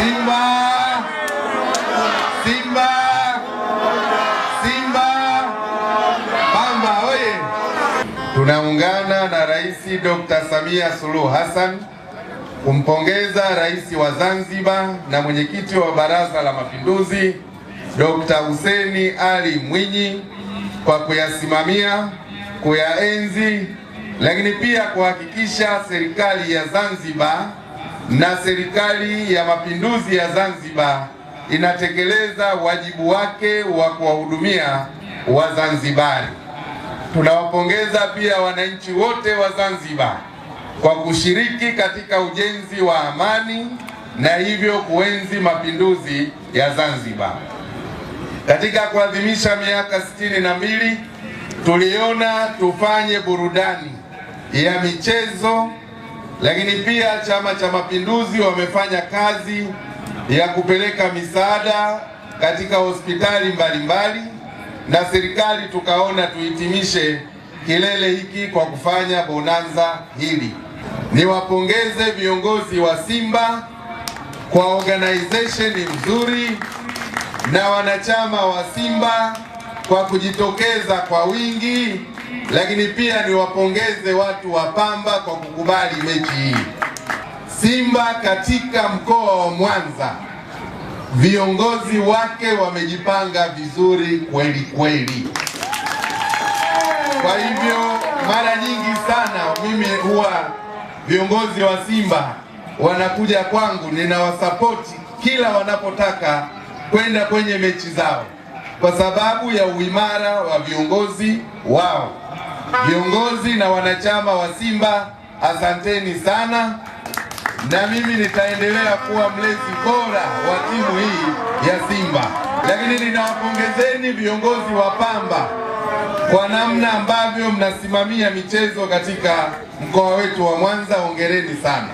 Simba! Simba! Simba! Bamba oye! Tunaungana na Rais Dr. Samia Suluhu Hassan kumpongeza Rais wa Zanzibar na mwenyekiti wa Baraza la Mapinduzi Dr. huseni Ali Mwinyi kwa kuyasimamia, kuyaenzi lakini pia kuhakikisha serikali ya Zanzibar na Serikali ya Mapinduzi ya Zanzibar inatekeleza wajibu wake wa kuwahudumia Wazanzibari. Tunawapongeza pia wananchi wote wa Zanzibar kwa kushiriki katika ujenzi wa amani na hivyo kuenzi mapinduzi ya Zanzibar. Katika kuadhimisha miaka sitini na mbili tuliona tufanye burudani ya michezo lakini pia Chama cha Mapinduzi wamefanya kazi ya kupeleka misaada katika hospitali mbalimbali, na serikali tukaona tuhitimishe kilele hiki kwa kufanya bonanza hili. Niwapongeze viongozi wa Simba kwa organization nzuri na wanachama wa Simba kwa kujitokeza kwa wingi lakini pia niwapongeze watu wa Pamba kwa kukubali mechi hii. Simba katika mkoa wa Mwanza, viongozi wake wamejipanga vizuri kweli kweli. Kwa hivyo mara nyingi sana mimi huwa viongozi wa Simba wanakuja kwangu, ninawasapoti kila wanapotaka kwenda kwenye mechi zao, kwa sababu ya uimara wa viongozi wao. Viongozi na wanachama wa Simba, asanteni sana, na mimi nitaendelea kuwa mlezi bora wa timu hii ya Simba. Lakini ninawapongezeni viongozi wa Pamba kwa namna ambavyo mnasimamia michezo katika mkoa wetu wa Mwanza. Hongereni sana.